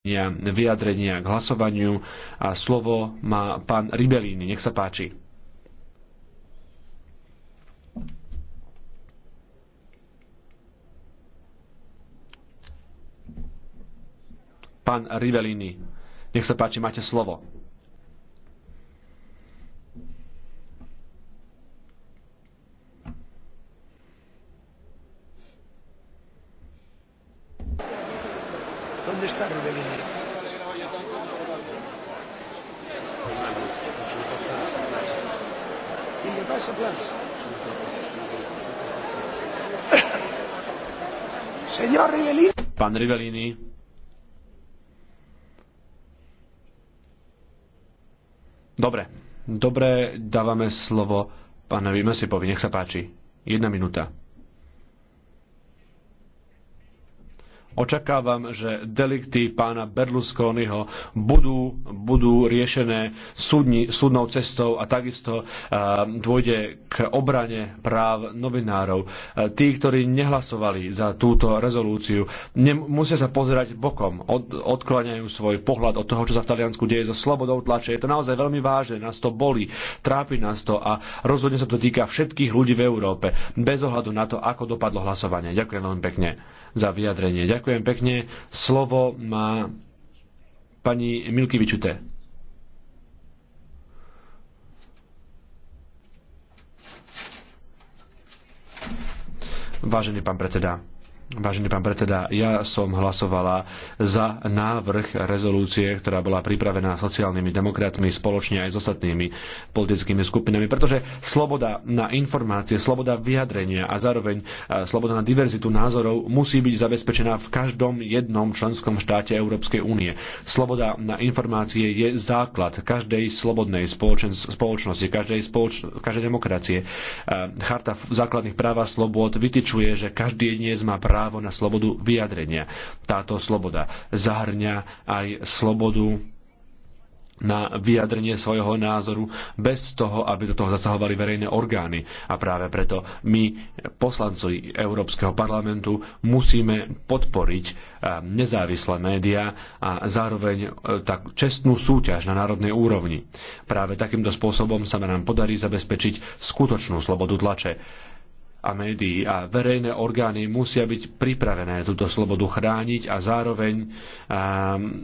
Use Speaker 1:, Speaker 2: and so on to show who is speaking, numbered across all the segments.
Speaker 1: vyjadrenia vyjadrenia k hlasovaniu a slovo má pán Ribelíny. Nech sa páči. Pán Ribelíny, nech sa páči, máte slovo. ¿Dónde está Ribelín? place a place.
Speaker 2: Señor Rivellini.
Speaker 1: Pán Rivellini. Dobre, dobre, dávame slovo pánovi Mesipovi, nech sa páči. Jedna minúta. Očakávam, že delikty pána Berlusconiho budú, budú riešené súdni, súdnou cestou a takisto eh, dôjde k obrane práv novinárov. Eh, tí, ktorí nehlasovali za túto rezolúciu, musia sa pozerať bokom, od, odkláňajú svoj pohľad od toho, čo sa v Taliansku deje so slobodou tlače. Je to naozaj veľmi vážne, nás to boli, trápi nás to a rozhodne sa to týka všetkých ľudí v Európe, bez ohľadu na to, ako dopadlo hlasovanie. Ďakujem veľmi pekne za vyjadrenie. Ďakujem pekne. Slovo má pani Milky Vičuté. Vážený pán predseda, Vážený pán predseda, ja som hlasovala za návrh rezolúcie, ktorá bola pripravená sociálnymi demokratmi spoločne aj s ostatnými politickými skupinami, pretože sloboda na informácie, sloboda vyjadrenia a zároveň e, sloboda na diverzitu názorov musí byť zabezpečená v každom jednom členskom štáte Európskej únie. Sloboda na informácie je základ každej slobodnej spoločen- spoločnosti, každej, spoloč- každej demokracie. E, Charta základných práv a slobod vytyčuje, že každý jedinec má právo právo na slobodu vyjadrenia. Táto sloboda zahrňa aj slobodu na vyjadrenie svojho názoru bez toho, aby do toho zasahovali verejné orgány. A práve preto my, poslanci Európskeho parlamentu, musíme podporiť eh, nezávislé médiá a zároveň eh, tak čestnú súťaž na národnej úrovni. Práve takýmto spôsobom sa nám podarí zabezpečiť skutočnú slobodu tlače a médií a verejné orgány musia byť pripravené túto slobodu chrániť a zároveň um,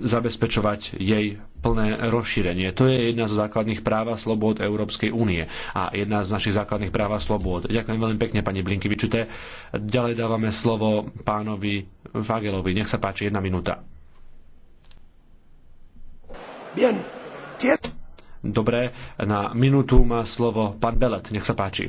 Speaker 1: zabezpečovať jej plné rozšírenie. To je jedna zo základných práv a slobôd Európskej únie a jedna z našich základných práv a slobôd. Ďakujem veľmi pekne, pani Blinkevičute. Ďalej dávame slovo pánovi Vagelovi. Nech sa páči, jedna minúta. Bien. Dobre, na minútu má slovo pán Belet. Nech sa páči.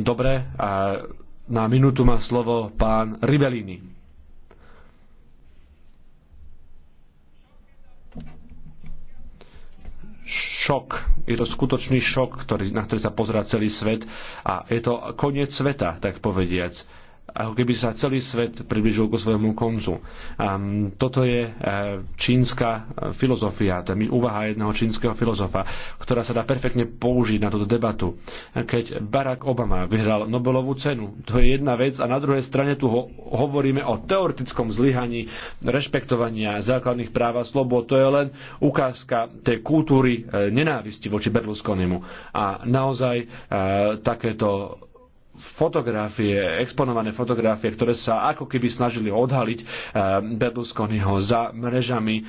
Speaker 1: Dobre, a na minútu má slovo pán Ribelini. Šok. Je to skutočný šok, ktorý, na ktorý sa pozerá celý svet a je to koniec sveta, tak povediac ako keby sa celý svet približil ku svojmu koncu. Um, toto je uh, čínska filozofia, to je úvaha jedného čínskeho filozofa, ktorá sa dá perfektne použiť na túto debatu. Keď Barack Obama vyhral Nobelovú cenu, to je jedna vec a na druhej strane tu ho- hovoríme o teoretickom zlyhaní rešpektovania základných práv a slobod. To je len ukázka tej kultúry e, nenávisti voči Berlusconimu. A naozaj e, takéto fotografie, exponované fotografie, ktoré sa ako keby snažili odhaliť eh, Berlusconiho za mrežami, eh,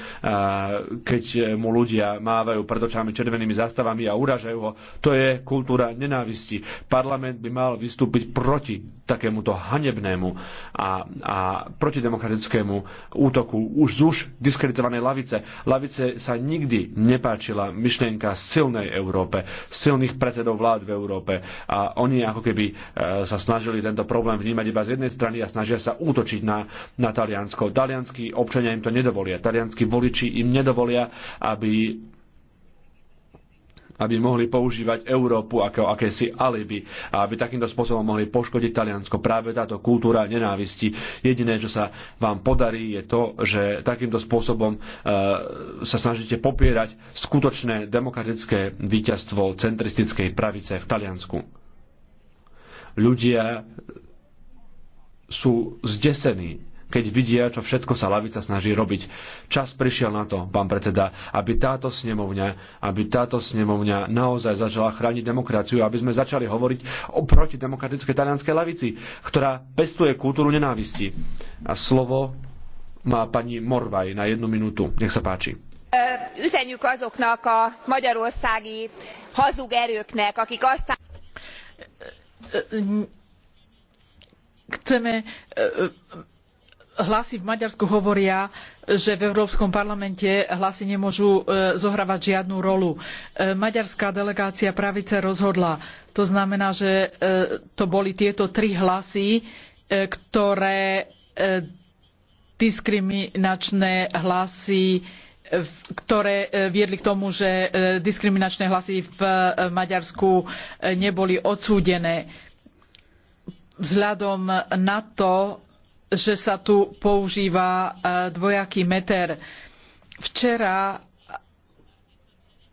Speaker 1: keď mu ľudia mávajú pred očami červenými zastavami a uražajú ho. To je kultúra nenávisti. Parlament by mal vystúpiť proti takémuto hanebnému a, a protidemokratickému útoku už z už diskreditovanej lavice. Lavice sa nikdy nepáčila myšlienka silnej Európe, silných predsedov vlád v Európe a oni ako keby e, sa snažili tento problém vnímať iba z jednej strany a snažia sa útočiť na, na Taliansko. Talianskí občania im to nedovolia, talianskí voliči im nedovolia, aby aby mohli používať Európu ako akési alibi a aby takýmto spôsobom mohli poškodiť Taliansko. Práve táto kultúra nenávisti. Jediné, čo sa vám podarí, je to, že takýmto spôsobom e, sa snažíte popierať skutočné demokratické víťazstvo centristickej pravice v Taliansku. Ľudia sú zdesení keď vidia, čo všetko sa lavica snaží robiť. Čas prišiel na to, pán predseda, aby táto snemovňa, aby táto snemovňa naozaj začala chrániť demokraciu, aby sme začali hovoriť o protidemokratickej talianskej lavici, ktorá pestuje kultúru nenávisti. A slovo má pani Morvaj na jednu minútu. Nech sa páči. Üzenjük azoknak a magyarországi hazug erőknek, akik azt
Speaker 2: chceme hlasy v Maďarsku hovoria, že v Európskom parlamente hlasy nemôžu e, zohrávať žiadnu rolu. E, maďarská delegácia pravice rozhodla. To znamená, že e, to boli tieto tri hlasy, ktoré diskriminačné hlasy ktoré viedli k tomu, že diskriminačné hlasy v Maďarsku neboli odsúdené. Vzhľadom na to, že sa tu používa e, dvojaký meter. Včera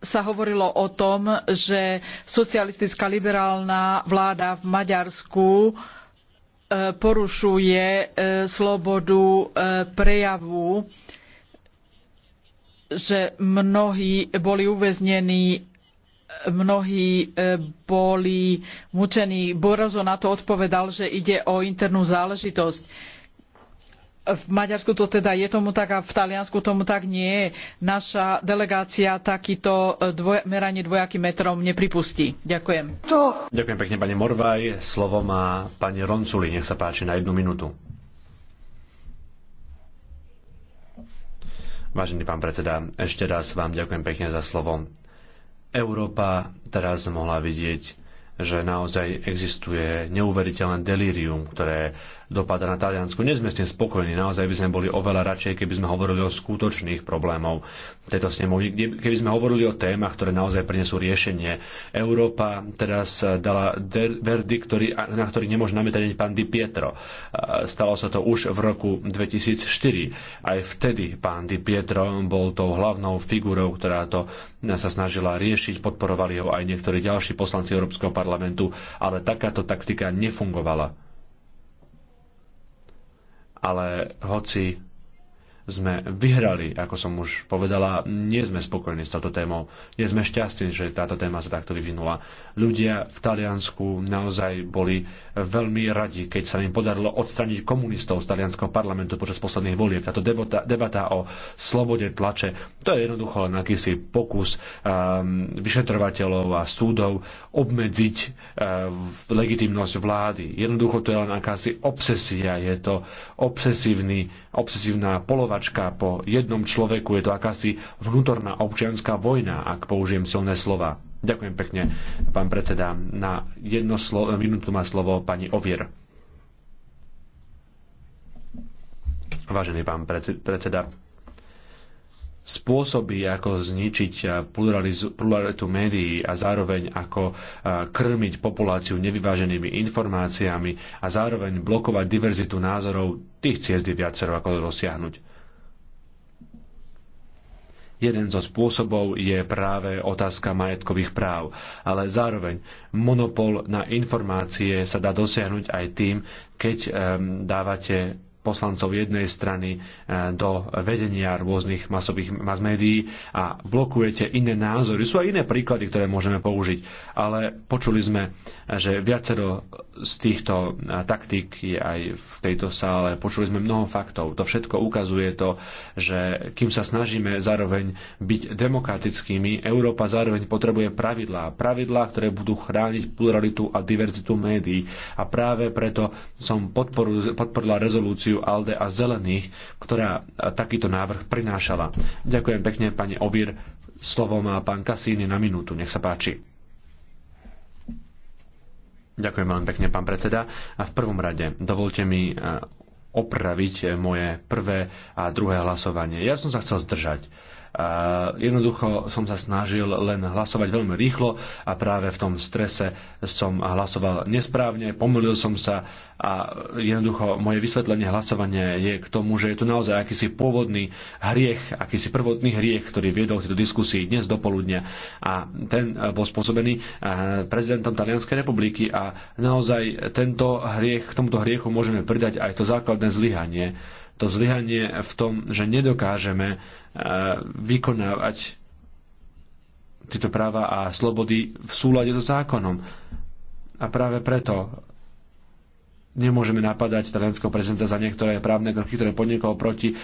Speaker 2: sa hovorilo o tom, že socialistická liberálna vláda v Maďarsku e, porušuje e, slobodu prejavu, že mnohí boli uväznení, mnohí boli mučení. Borozo na to odpovedal, že ide o internú záležitosť v Maďarsku to teda je tomu tak a v Taliansku tomu tak nie je. Naša delegácia takýto e, dvoj, meranie dvojakým metrom nepripustí. Ďakujem. To...
Speaker 1: Ďakujem pekne, pani Morvaj. Slovo má pani Ronculi. Nech sa páči na jednu minútu. Vážený pán predseda, ešte raz vám ďakujem pekne za slovo. Európa teraz mohla vidieť, že naozaj existuje neuveriteľné delírium, ktoré dopada na Taliansku. Nie sme s tým spokojní, naozaj by sme boli oveľa radšej, keby sme hovorili o skutočných problémov tejto snemovni, keby sme hovorili o témach, ktoré naozaj prinesú riešenie. Európa teraz dala verdikt, ktorý, na ktorý nemôže namietať pán Di Pietro. Stalo sa to už v roku 2004. Aj vtedy pán Di Pietro bol tou hlavnou figurou, ktorá to sa snažila riešiť, podporovali ho aj niektorí ďalší poslanci Európskeho parlamentu, ale takáto taktika nefungovala ale hoci sme vyhrali, ako som už povedala, nie sme spokojní s touto témou. Nie sme šťastní, že táto téma sa takto vyvinula. Ľudia v Taliansku naozaj boli veľmi radi, keď sa im podarilo odstraniť komunistov z talianského parlamentu počas posledných volieb. Táto debata, debata o slobode tlače, to je jednoducho len akýsi pokus um, vyšetrovateľov a súdov obmedziť uh, legitimnosť vlády. Jednoducho to je len akási obsesia, je to obsesívny, obsesívna polova stlačka po jednom človeku. Je to akási vnútorná občianská vojna, ak použijem silné slova. Ďakujem pekne, pán predseda. Na jedno slo- minútu má slovo pani Ovier. Vážený pán predseda, spôsoby, ako zničiť eh, pluralitu médií a zároveň ako eh, krmiť populáciu nevyváženými informáciami a zároveň blokovať diverzitu názorov, tých ciest je viacero, ako dosiahnuť. Jeden zo spôsobov je práve otázka majetkových práv, ale zároveň monopol na informácie sa dá dosiahnuť aj tým, keď um, dávate poslancov jednej strany e, do vedenia rôznych masových mass médií a blokujete iné názory. Sú aj iné príklady, ktoré môžeme použiť, ale počuli sme, že viacero z týchto e, taktík je aj v tejto sále. Počuli sme mnoho faktov. To všetko ukazuje to, že kým sa snažíme zároveň byť demokratickými, Európa zároveň potrebuje pravidlá. Pravidlá, ktoré budú chrániť pluralitu a diverzitu médií. A práve preto som podporila rezolúciu frakciu ALDE a Zelených, ktorá takýto návrh prinášala. Ďakujem pekne, pani Ovír. Slovo má pán Kasíny na minútu. Nech sa páči. Ďakujem veľmi pekne, pán predseda. A v prvom rade dovolte mi eh, opraviť eh, moje prvé a druhé hlasovanie. Ja som sa chcel zdržať Jednoducho som sa snažil len hlasovať veľmi rýchlo a práve v tom strese som hlasoval nesprávne, pomýlil som sa a jednoducho moje vysvetlenie hlasovania je k tomu, že je tu naozaj akýsi pôvodný hriech, akýsi prvotný hriech, ktorý viedol tieto tejto diskusii dnes poludnia a ten bol spôsobený eh, prezidentom Talianskej republiky a naozaj tento hriech, k tomuto hriechu môžeme pridať aj to základné zlyhanie to zlyhanie v tom, že nedokážeme e, vykonávať tieto práva a slobody v súlade so zákonom. A práve preto nemôžeme napadať talianského prezidenta za niektoré právne kroky, ktoré podnikol proti e,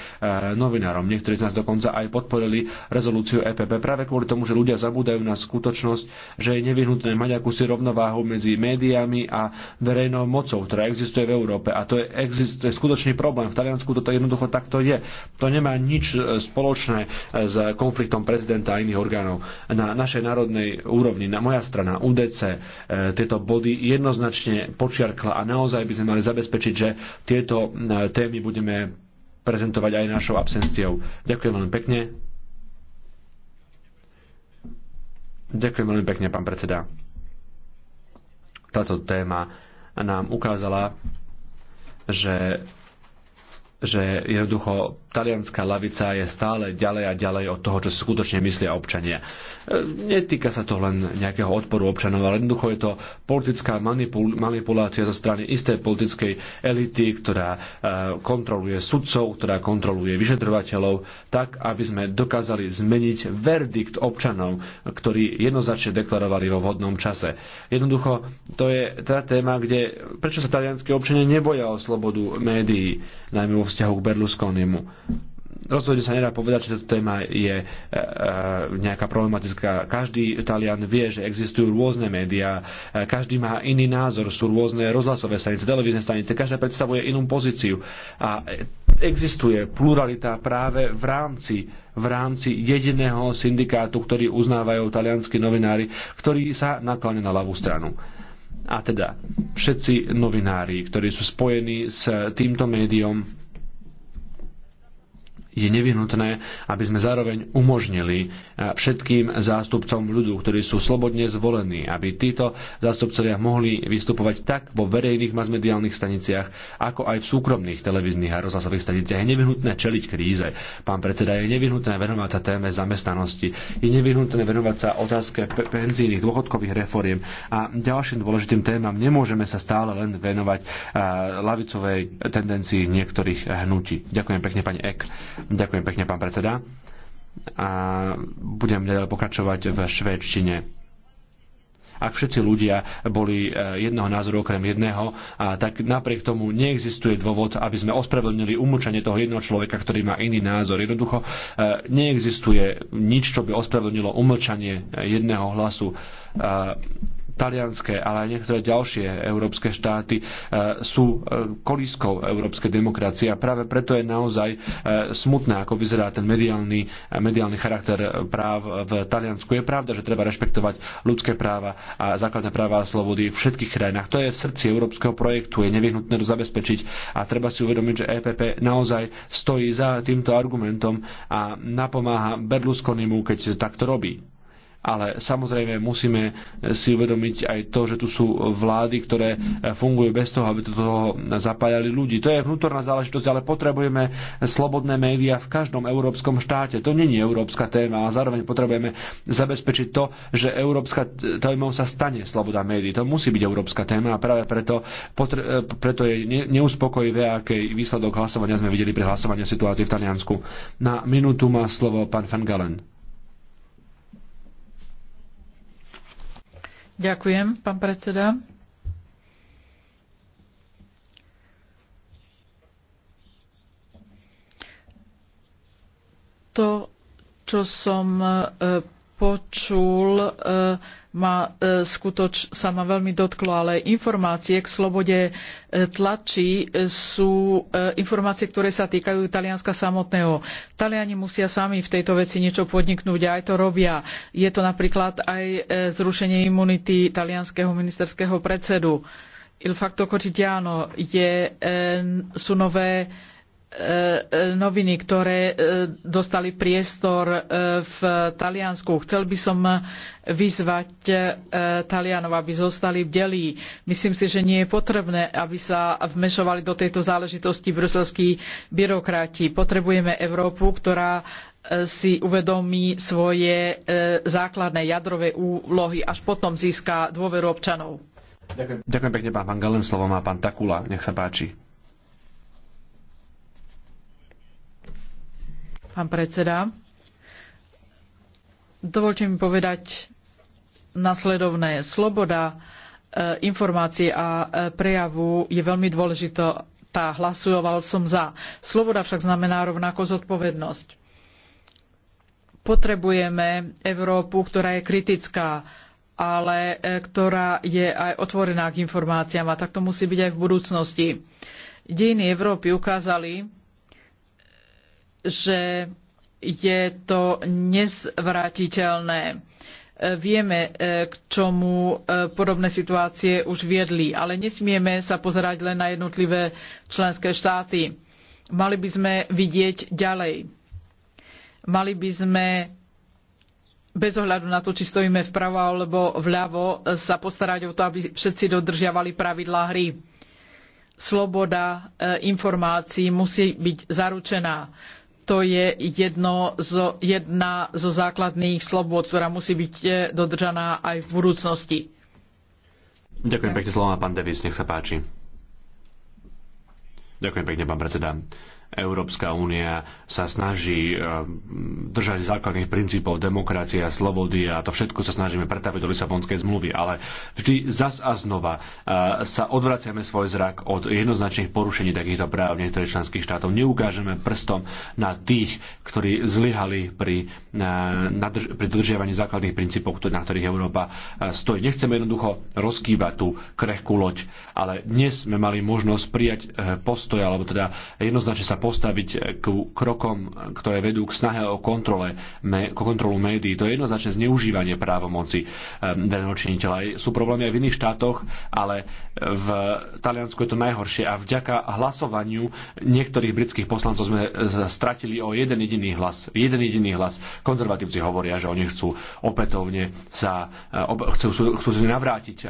Speaker 1: novinárom. Niektorí z nás dokonca aj podporili rezolúciu EPP práve kvôli tomu, že ľudia zabúdajú na skutočnosť, že je nevyhnutné mať akúsi rovnováhu medzi médiami a verejnou mocou, ktorá existuje v Európe. A to je, existuje skutočný problém. V Taliansku toto jednoducho takto je. To nemá nič e, spoločné e, s konfliktom prezidenta a iných orgánov. Na našej národnej úrovni, na moja strana, UDC, e, tieto body jednoznačne počiarkla a naozaj by sme mali zabezpečiť, že tieto e, témy budeme prezentovať aj našou absenciou. Ďakujem veľmi pekne. Ďakujem veľmi pekne, pán predseda. Táto téma nám ukázala, že, že jednoducho talianská lavica je stále ďalej a ďalej od toho, čo skutočne myslia občania. E, netýka sa to len nejakého odporu občanov, ale jednoducho je to politická manipul- manipulácia zo strany istej politickej elity, ktorá e, kontroluje sudcov, ktorá kontroluje vyšetrovateľov, tak, aby sme dokázali zmeniť verdikt občanov, ktorí jednoznačne deklarovali vo vhodnom čase. Jednoducho, to je tá téma, kde prečo sa talianské občania neboja o slobodu médií, najmä vo vzťahu k Berlusconimu rozhodne sa nedá povedať, že táto téma je e, e, nejaká problematická. Každý Talian vie, že existujú rôzne médiá, e, každý má iný názor, sú rôzne rozhlasové stanice, televízne stanice, každá predstavuje inú pozíciu. A existuje pluralita práve v rámci v rámci jediného syndikátu, ktorý uznávajú talianskí novinári, ktorý sa nakláňa na ľavú stranu a teda všetci novinári, ktorí sú spojení s týmto médiom, je nevyhnutné, aby sme zároveň umožnili eh, všetkým zástupcom ľudu, ktorí sú slobodne zvolení, aby títo zástupcovia mohli vystupovať tak vo verejných masmediálnych staniciach, ako aj v súkromných televíznych a rozhlasových staniciach. Je nevyhnutné čeliť kríze. Pán predseda, je nevyhnutné venovať sa téme zamestnanosti, je nevyhnutné venovať sa otázke penzijných dôchodkových reforiem a ďalším dôležitým témam nemôžeme sa stále len venovať eh, lavicovej tendencii niektorých hnutí. Ďakujem pekne, pani Ek. Ďakujem pekne, pán predseda. A budem ďalej pokračovať v švédštine ak všetci ľudia boli e, jedného názoru okrem jedného, a tak napriek tomu neexistuje dôvod, aby sme ospravedlnili umúčanie toho jedného človeka, ktorý má iný názor. Jednoducho e, neexistuje nič, čo by ospravedlnilo umlčanie jedného hlasu talianské, ale aj niektoré ďalšie európske štáty e, sú e, kolískou európskej demokracie a práve preto je naozaj e, smutné, ako vyzerá ten mediálny, mediálny charakter práv v Taliansku. Je pravda, že treba rešpektovať ľudské práva a základné práva a slobody v všetkých krajinách. To je v srdci európskeho projektu, je nevyhnutné to zabezpečiť a treba si uvedomiť, že EPP naozaj stojí za týmto argumentom a napomáha Berlusconimu, keď takto robí. Ale samozrejme musíme si uvedomiť aj to, že tu sú vlády, ktoré fungujú bez toho, aby do toho zapájali ľudí. To je vnútorná záležitosť, ale potrebujeme slobodné médiá v každom európskom štáte. To není európska téma, ale zároveň potrebujeme zabezpečiť to, že európska témou sa stane sloboda médií. To musí byť európska téma a práve preto, preto je neuspokojivé, aký výsledok hlasovania sme videli pri hlasovaní situácii v Taliansku. Na minútu má slovo pán Van Galen.
Speaker 2: Ďakujem, pán predseda. To, čo som e, počul, e, ma e, skutoč, sa ma veľmi dotklo, ale informácie k slobode e, tlačí e, sú informácie, ktoré sa týkajú Talianska samotného. Taliani musia sami v tejto veci niečo podniknúť a aj to robia. Je to napríklad aj zrušenie imunity talianskeho ministerského predsedu. Il facto quotidiano je, sú nové E, e, noviny, ktoré e, dostali priestor v Taliansku. Chcel by som vyzvať Talianov, aby zostali v delí. Myslím si, že nie je potrebné, aby sa vmešovali do tejto záležitosti bruselskí byrokrati. Potrebujeme Európu, ktorá si uvedomí svoje základné jadrové úlohy, až potom získa dôveru občanov. Ďakujem,
Speaker 1: Ďakujem pekne, pán Galen. Slovo má pán Takula. Nech sa páči.
Speaker 2: pán predseda. Dovolte mi povedať nasledovné. Sloboda e, informácie a e, prejavu je veľmi dôležitá. Hlasoval som za. Sloboda však znamená rovnako zodpovednosť. Potrebujeme Európu, ktorá je kritická, ale e, ktorá je aj otvorená k informáciám a tak to musí byť aj v budúcnosti. Dejiny Európy ukázali, že je to nezvrátiteľné. E, vieme, e, k čomu e, podobné situácie už viedli, ale nesmieme sa pozerať len na jednotlivé členské štáty. Mali by sme vidieť ďalej. Mali by sme bez ohľadu na to, či stojíme vpravo alebo vľavo, sa postarať o to, aby všetci dodržiavali pravidlá hry sloboda informácií musí byť zaručená to je zo, jedna zo základných slobod, ktorá musí byť eh, dodržaná aj v budúcnosti.
Speaker 1: Ďakujem pekne slovo, pán Devis, nech sa páči. Ďakujem pekne, pán predseda. Európska únia sa snaží e, držať základných princípov demokracie a slobody a to všetko sa snažíme pretaviť do Lisabonskej zmluvy, ale vždy zas a znova e, sa odvraciame svoj zrak od jednoznačných porušení takýchto práv niektorých členských štátov. Neukážeme prstom na tých, ktorí zlyhali pri, e, pri dodržiavaní základných princípov, na ktorých Európa stojí. Nechceme jednoducho rozkývať tú krehkú loď, ale dnes sme mali možnosť prijať postoj, alebo teda jednoznačne sa postaviť k krokom, ktoré vedú k snahe o kontrole, k kontrolu médií. To je jednoznačne zneužívanie právomoci ehm, daného činiteľa. Sú problémy aj v iných štátoch, ale v Taliansku je to najhoršie a vďaka hlasovaniu niektorých britských poslancov sme e, stratili o jeden jediný hlas. Jeden jediný hlas. Konzervatívci hovoria, že oni chcú opätovne sa, e, chcú, chcú si navrátiť e,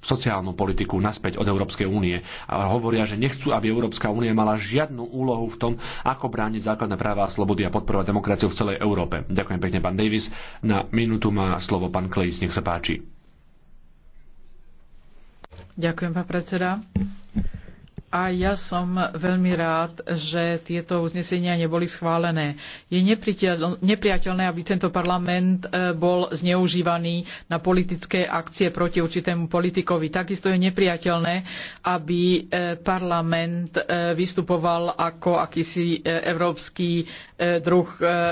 Speaker 1: sociálnu politiku naspäť od Európskej únie. A hovoria, že nechcú, aby Európska únia mala žiadnu úlohu úlohu v tom, ako brániť základné práva a slobody a podporovať demokraciu v celej Európe. Ďakujem pekne, pán Davis. Na minútu má slovo pán Klejs, nech sa páči.
Speaker 2: Ďakujem, pán predseda a ja som veľmi rád, že tieto uznesenia neboli schválené. Je nepriateľné, aby tento parlament e, bol zneužívaný na politické akcie proti určitému politikovi. Takisto je nepriateľné, aby e, parlament e, vystupoval ako akýsi európsky druh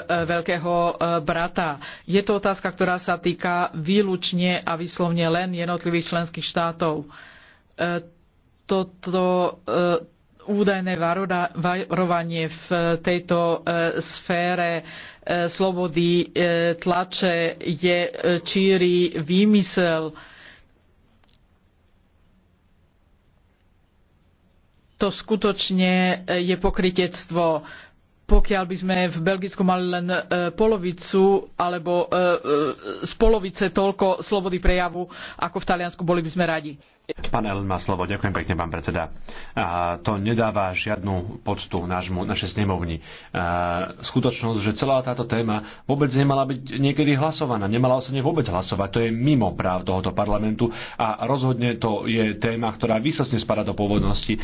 Speaker 2: veľkého brata. Je to otázka, ktorá sa týka výlučne a vyslovne len jednotlivých členských štátov toto e, údajné varovanie v tejto e, sfére e, slobody tlače je číry výmysel. To skutočne je pokritectvo pokiaľ by sme v Belgicku mali len polovicu alebo z polovice toľko slobody prejavu ako v Taliansku, boli by sme radi.
Speaker 1: Pán Ellen má slovo. Ďakujem pekne, pán predseda. A to nedáva žiadnu poctu našej snemovni. A skutočnosť, že celá táto téma vôbec nemala byť niekedy hlasovaná, nemala sa vôbec hlasovať. To je mimo práv tohoto parlamentu a rozhodne to je téma, ktorá výsostne spada do pôvodnosti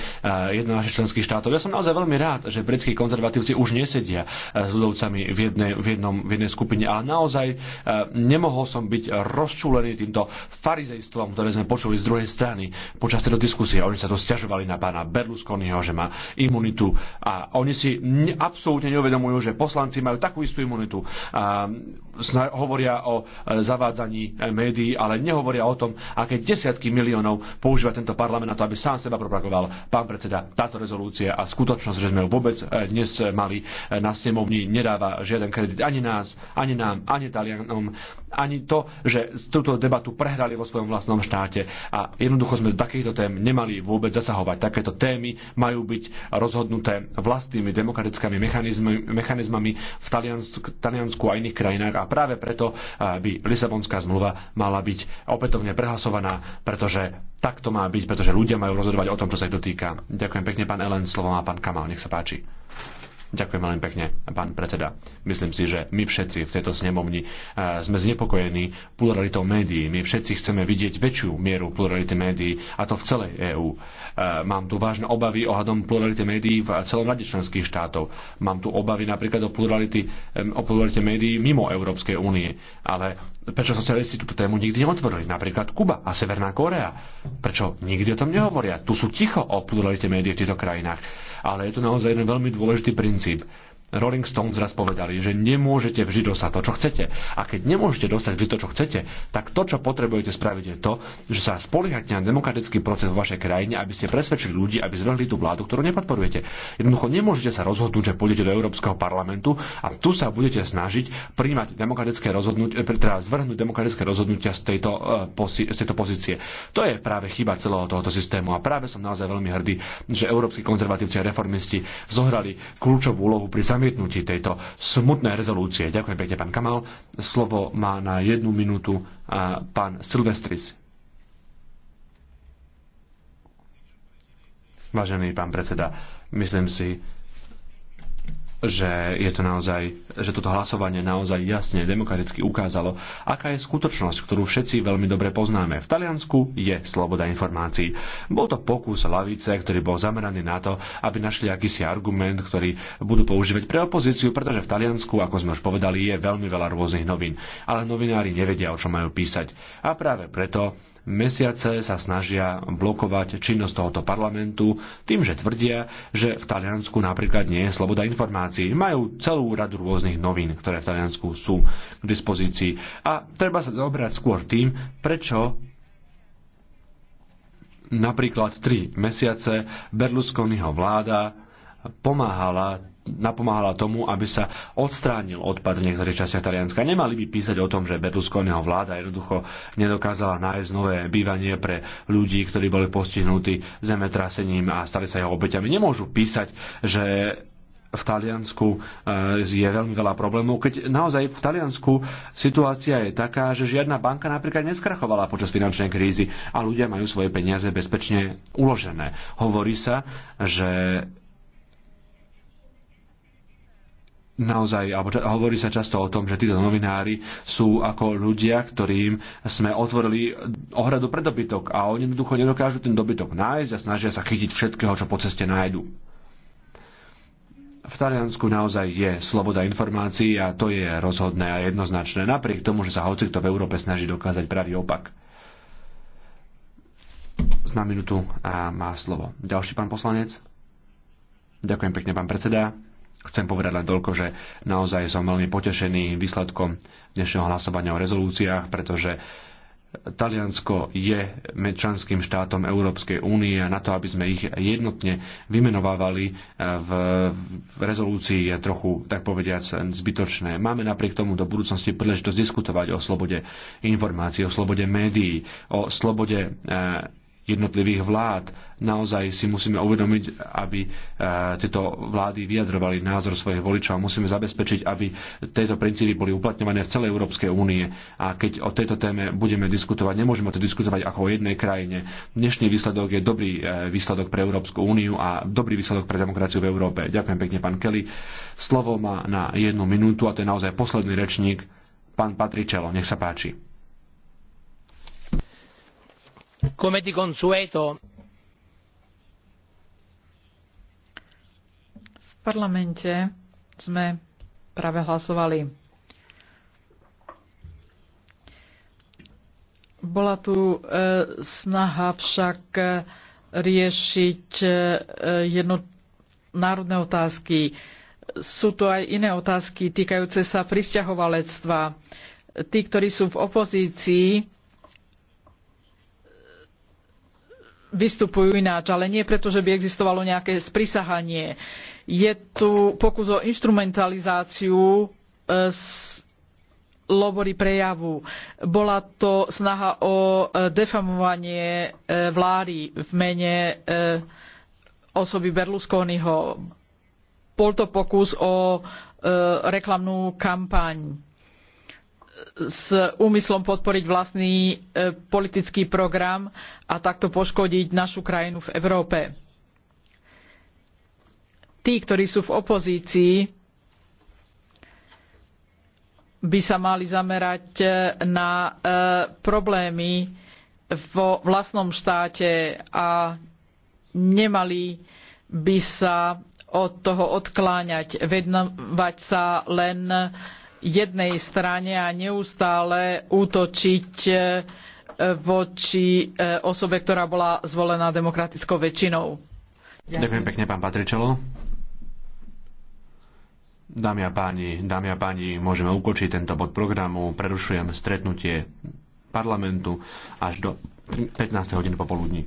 Speaker 1: jedného našich členských štátov. Ja som naozaj veľmi rád, že britskí konzervatívci už nesedia s ľudovcami v jednej, v, jednom, v jednej skupine, ale naozaj nemohol som byť rozčúlený týmto farizejstvom, ktoré sme počuli z druhej strany strany počas tejto diskusie. Oni sa to stiažovali na pána Berlusconiho, že má imunitu a oni si absolútne neuvedomujú, že poslanci majú takú istú imunitu. A hovoria o e, zavádzaní e, médií, ale nehovoria o tom, aké desiatky miliónov používa tento parlament na to, aby sám seba propagoval. Pán predseda, táto rezolúcia a skutočnosť, že sme ju vôbec e, dnes mali na snemovni, nedáva žiaden kredit ani nás, ani nám, ani Talianom ani to, že túto debatu prehrali vo svojom vlastnom štáte. A jednoducho sme do takýchto tém nemali vôbec zasahovať. Takéto témy majú byť rozhodnuté vlastnými demokratickými mechanizmami v Taliansku a iných krajinách a práve preto eh, by Lisabonská zmluva mala byť opätovne prehlasovaná, pretože tak to má byť, pretože ľudia majú rozhodovať o tom, čo sa ich dotýka. Ďakujem pekne, pán Ellen, slovo má pán Kamal, nech sa páči. Ďakujem veľmi pekne, pán predseda. Myslím si, že my všetci v tejto snemovni eh, sme znepokojení pluralitou médií. My všetci chceme vidieť väčšiu mieru plurality médií, a to v celej EÚ. Eh, mám tu vážne obavy ohľadom plurality médií v celom rade členských štátov. Mám tu obavy napríklad o plurality, o pluralite médií mimo Európskej únie. Ale prečo socialisti túto tému nikdy neotvorili? Napríklad Kuba a Severná Korea. Prečo nikdy o tom nehovoria? Tu sú ticho o pluralite médií v týchto krajinách ale je to naozaj jeden veľmi dôležitý princíp. Rolling Stones raz povedali, že nemôžete do dostať to, čo chcete. A keď nemôžete dostať vždy to, čo chcete, tak to, čo potrebujete spraviť, je to, že sa spoliehate na demokratický proces vo vašej krajine, aby ste presvedčili ľudí, aby zvrhli tú vládu, ktorú nepodporujete. Jednoducho nemôžete sa rozhodnúť, že pôjdete do Európskeho parlamentu a tu sa budete snažiť príjmať demokratické rozhodnutia, e, teda zvrhnúť demokratické rozhodnutia z tejto, e, z tejto pozície. To je práve chyba celého tohoto systému a práve som naozaj veľmi hrdý, že európsky konzervatívci a reformisti zohrali kľúčovú úlohu pri zamietnutí tejto smutnej rezolúcie. Ďakujem pekne, pán Kamal. Slovo má na jednu minútu pán Silvestris. Vážený pán predseda, myslím si, že je to naozaj, že toto hlasovanie naozaj jasne demokraticky ukázalo, aká je skutočnosť, ktorú všetci veľmi dobre poznáme. V Taliansku je sloboda informácií. Bol to pokus lavice, ktorý bol zameraný na to, aby našli akýsi argument, ktorý budú používať pre opozíciu, pretože v Taliansku, ako sme už povedali, je veľmi veľa rôznych novín, ale novinári nevedia, o čom majú písať. A práve preto mesiace sa snažia blokovať činnosť tohoto parlamentu tým, že tvrdia, že v Taliansku napríklad nie je sloboda informácií. Majú celú radu rôznych novín, ktoré v Taliansku sú k dispozícii. A treba sa zaoberať skôr tým, prečo napríklad tri mesiace Berlusconiho vláda pomáhala napomáhala tomu, aby sa odstránil odpad v niektorých častiach Talianska. Nemali by písať o tom, že Berlusconiho vláda jednoducho nedokázala nájsť nové bývanie pre ľudí, ktorí boli postihnutí zemetrasením a stali sa jeho obeťami. Nemôžu písať, že v Taliansku eh, je veľmi veľa problémov, keď naozaj v Taliansku situácia je taká, že žiadna banka napríklad neskrachovala počas finančnej krízy a ľudia majú svoje peniaze bezpečne uložené. Hovorí sa, že naozaj, alebo ča, hovorí sa často o tom, že títo novinári sú ako ľudia, ktorým sme otvorili ohradu pre dobytok a oni jednoducho nedokážu ten dobytok nájsť a snažia sa chytiť všetkého, čo po ceste nájdu. V Taliansku naozaj je sloboda informácií a to je rozhodné a jednoznačné, napriek tomu, že sa hoci kto v Európe snaží dokázať pravý opak. Na minútu a má slovo. Ďalší pán poslanec. Ďakujem pekne, pán predseda. Chcem povedať len toľko, že naozaj som veľmi potešený výsledkom dnešného hlasovania o rezolúciách, pretože Taliansko je členským štátom Európskej únie a na to, aby sme ich jednotne vymenovávali eh, v, rezolúcii je trochu, tak povediac, zbytočné. Máme napriek tomu do budúcnosti príležitosť diskutovať o slobode informácií, o slobode médií, o slobode eh, jednotlivých vlád. Naozaj si musíme uvedomiť, aby e, tieto vlády vyjadrovali názor svojich voličov a musíme zabezpečiť, aby tieto princípy boli uplatňované v celej Európskej únie. A keď o tejto téme budeme diskutovať, nemôžeme to diskutovať ako o jednej krajine. Dnešný výsledok je dobrý e, výsledok pre Európsku úniu a dobrý výsledok pre demokraciu v Európe. Ďakujem pekne, pán Kelly. Slovo má na jednu minútu a to je naozaj posledný rečník, pán Patričelo. Nech sa páči come di consueto
Speaker 2: v parlamente sme práve hlasovali. Bola tu e, snaha však e, riešiť e, jedno, národné otázky. Sú tu aj iné otázky týkajúce sa pristahovalectva. Tí, ktorí sú v opozícii, vystupujú ináč, ale nie preto, že by existovalo nejaké sprisahanie. Je tu pokus o instrumentalizáciu e, lobory prejavu. Bola to snaha o e, defamovanie e, vlády v mene osoby Berlusconiho. Bol to pokus o reklamnú kampaň s úmyslom podporiť vlastný e, politický program a takto poškodiť našu krajinu v Európe. Tí, ktorí sú v opozícii, by sa mali zamerať e, na e, problémy vo vlastnom štáte a nemali by sa od toho odkláňať, venovať sa len jednej strane a neustále útočiť e, voči e, osobe, ktorá bola zvolená demokratickou väčšinou. Ďakujem, Ďakujem
Speaker 1: pekne, pán Patričelo. Dámy a páni, dámy a páni, môžeme ukočiť tento bod programu. Prerušujem stretnutie parlamentu až do 15. hodiny popoludní.